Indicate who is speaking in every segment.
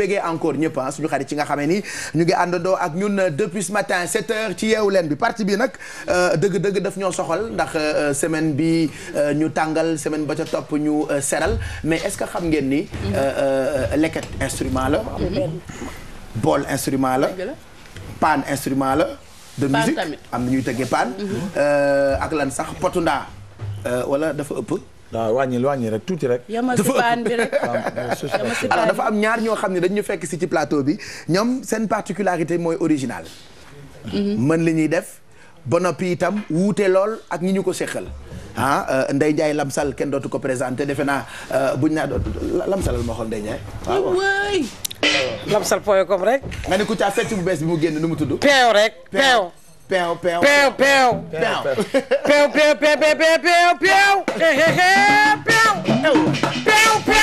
Speaker 1: bégee encore ñëpp ah suñu xarit ci nga xamee ni ñu ngi àndandoo ak ñun euh, depuis ce matin 7 ci yeewu leen bi partie bi nag euh, dëgg-dëgg daf ñoo soxal ndax euh, semaine bi ñu tàngal semaine ba ca topp ñu seral mais est-ce que xam ngeen ni mhm. leket instrument la bool instrument la paan instrument la de musique am na ñuy tëggee paan mhm. ak lan sax potu wala dafa ëpp waaw wàññil wàññil rek tuuti rek. yama si paan bi rek alors dafa am ñaar ñoo xam ne dañu fekk si ci plateau bi ñoom seen particularité mooy original. Mhm. mën li ñuy def ba noppi itam wuute lool ak ñi ñu ko seqal. ah euh, Ndeye Ndiaye Lamsal kenn dootu ko présenté defe naa euh, buñ naa doon Lamsalal ma xool Ndeye Ndiaye. waaw Lamsal point com rek. nga ne ku caa fecc bu bees bi mu génn nu mu tudd. peew rek
Speaker 2: Pew, pew, pew, pew, pew, pew, pew, pew, pew, pew, pew, pew, hey, hey, hey, pew, pew, pew.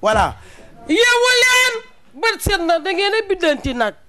Speaker 2: Voilà. Yeewu leen bët set na da ngeen a biddanti nag.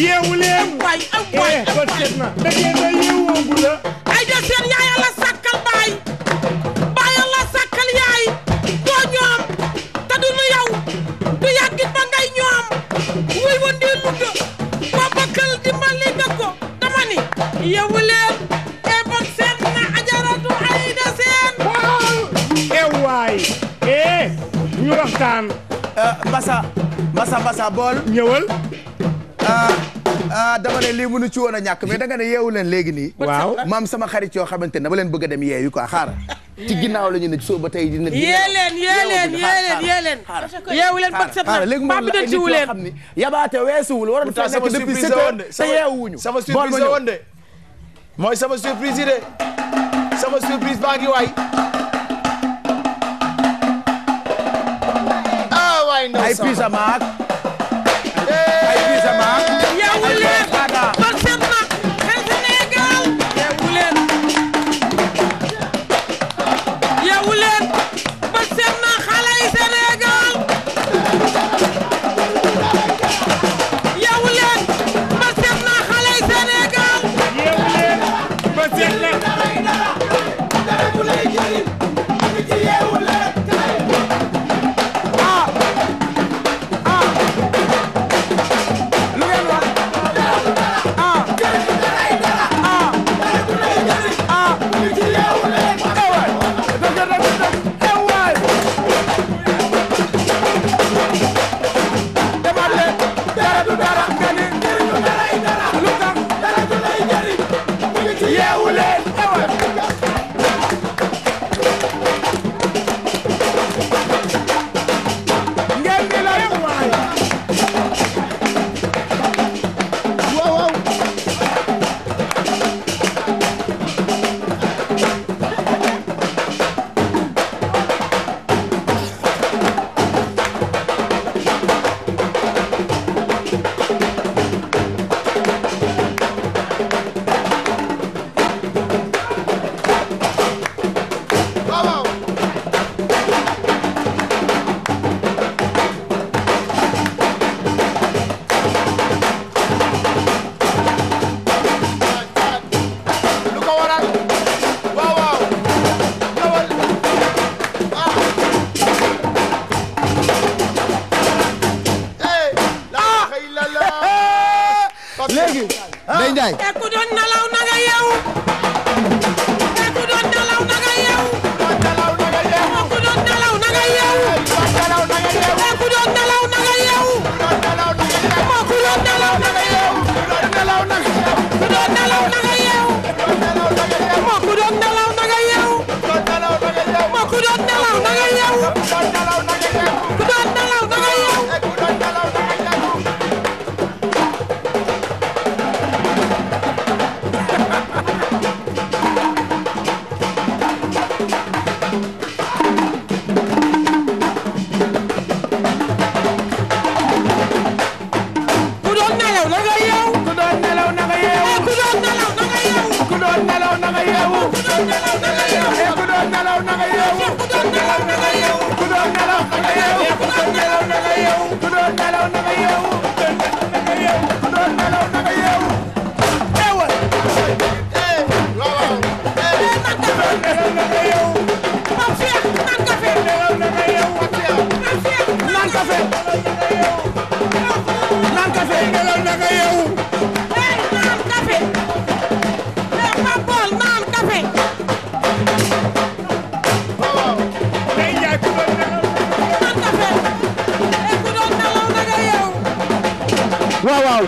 Speaker 2: yeewu leen waay am waay eh, am waay
Speaker 1: Mbassa Mbassa Mbassa bool. ñëwal. Ah, ah dama ne lii mënu ci woon a ñàkk mais danga ne yeewu leen léegi nii. waaw maam sama xarit yoo xamante ne dama leen bëgg dem yeewi quoi xaar. ci ginnaaw la ñu ne soo ba tey dina. yee leen yee leen yee leen yee
Speaker 2: leen. yeewu leen bët set nag léegi moom la xam ni.
Speaker 1: yabaate weesuwul waroon fee nekk depuis sept heures te yeewuñu. mooy sama surprise yi de sama surprise baa ngi waay. ay puissance maak
Speaker 2: léegi. ah Ndeye Ndiaye. te ku doon nalaw na ku doon nelaw na nga yow ku doon nelaw na nga yow waaw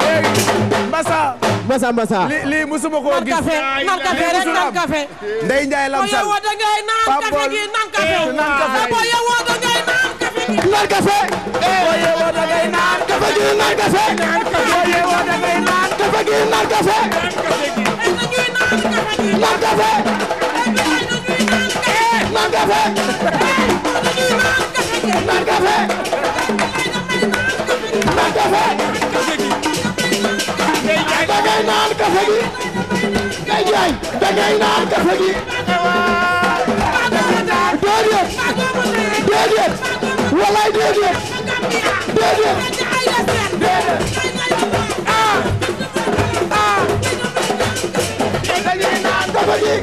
Speaker 1: léegi Mbassa Mbassa Mbassa li li musuma koo gis naan café rek naan café Ndeye Ndiaye Lam Sall boo yeewoo da
Speaker 2: ngay naan café gi naan café naan eh, café boo yeewoo da ngay naan café gi naan café boo yeewoo da ngay naan café gi naan café boo yeewoo da ngay naan café gi naan café naan café naan café eh, dangay naan kafe gi déedéet déedéet walaay déedéet déedéet déedéet ah ah dangay naan kafe gi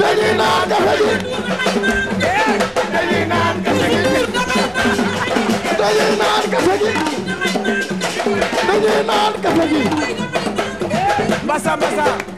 Speaker 2: dangay naan kafe gi dañuy naan kafe gi mbasa mbasa